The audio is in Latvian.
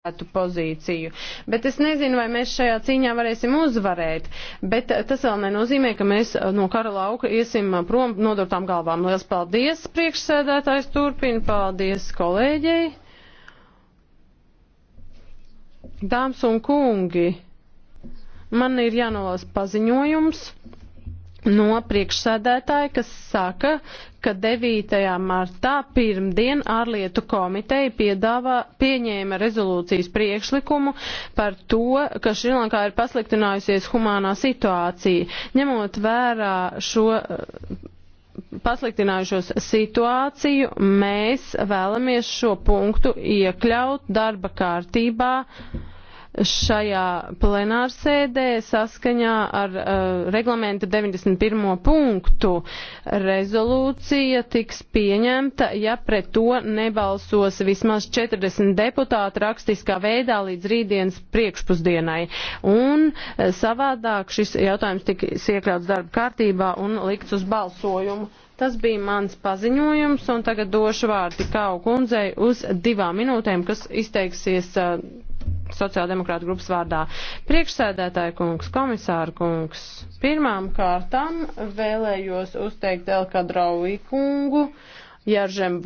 varētu pozīciju. Bet es nezinu, vai mēs šajā cīņā varēsim uzvarēt, bet tas vēl nenozīmē, ka mēs no kara lauka iesim prom nodurtām galvām. Liels paldies, priekšsēdētājs turpina, paldies kolēģei. Dāmas un kungi, man ir jānolas paziņojums no priekšsēdētāja, kas saka, ka 9. martā pirmdien ārlietu komiteja piedāvā, pieņēma rezolūcijas priekšlikumu par to, ka Šrilankā ir pasliktinājusies humānā situācija. Ņemot vērā šo eh, pasliktinājušos situāciju, mēs vēlamies šo punktu iekļaut darba kārtībā šajā plenārsēdē saskaņā ar uh, reglamenta 91. punktu rezolūcija tiks pieņemta, ja pret to nebalsos vismaz 40 deputāti rakstiskā veidā līdz rītdienas priekšpusdienai. Un uh, savādāk šis jautājums tiks iekļauts darba kārtībā un likts uz balsojumu. Tas bija mans paziņojums, un tagad došu vārdu Kau kundzei uz divām minūtēm, kas izteiksies. Uh, sociāldemokrāta grupas vārdā. Priekšsēdētāja kungs, komisāra kungs, pirmām kārtām vēlējos uzteikt Elkadrauī kungu, Jaržem